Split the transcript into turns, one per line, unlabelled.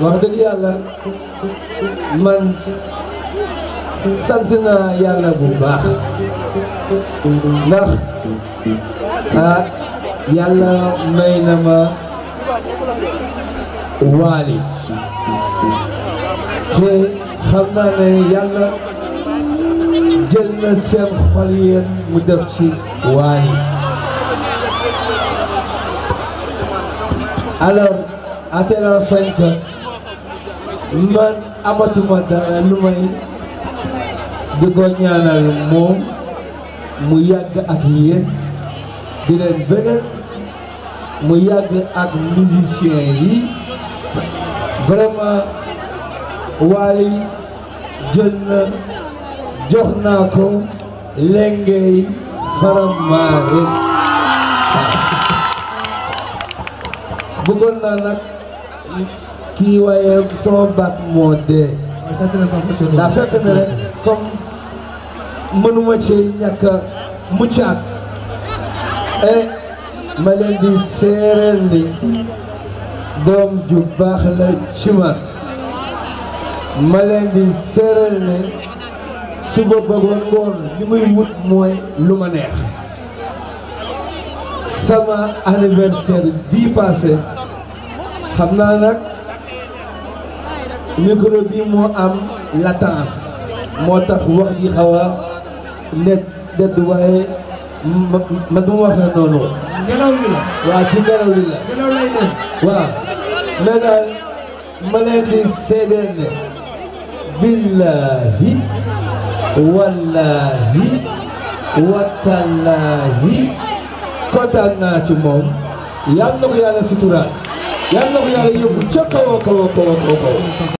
wax dëgg yàlla man sant naa yàlla bu baax ndax ah yàlla may na ma waali te xam naa ne yàlla jël na seen xol mu def ci waali atel en cinq man amatuma dara lu may di ko ñaanal moom mu yàgg ak yéen di leen bëggal mu yàgg ak musicien yi vraiment Wally jël na jox naa ko lengey Faramaren bëggoon naa nag kii waaye sama baat moo dee ndax fekk na rek comme mënuma ci ñàkk muccaat eh, ma leen di seereel ni doom ju baax la ci ma ma leen di seereel ni suba ba ngoon li muy wut mooy lu ma neex sama anniversaire bii passé xam naa nag micro bi moo am latence moo tax wax ji xaw a net dedd du ma waxee noonu. ngelaw ci ngelaw li la. daal ma leen di seedeel ne. billahi wallahi watallahi naa ci moom yàlla na ko yàlla suturaal. yàlla na ko yàlla yóbbu ca kaw a kaw a kaw a kaw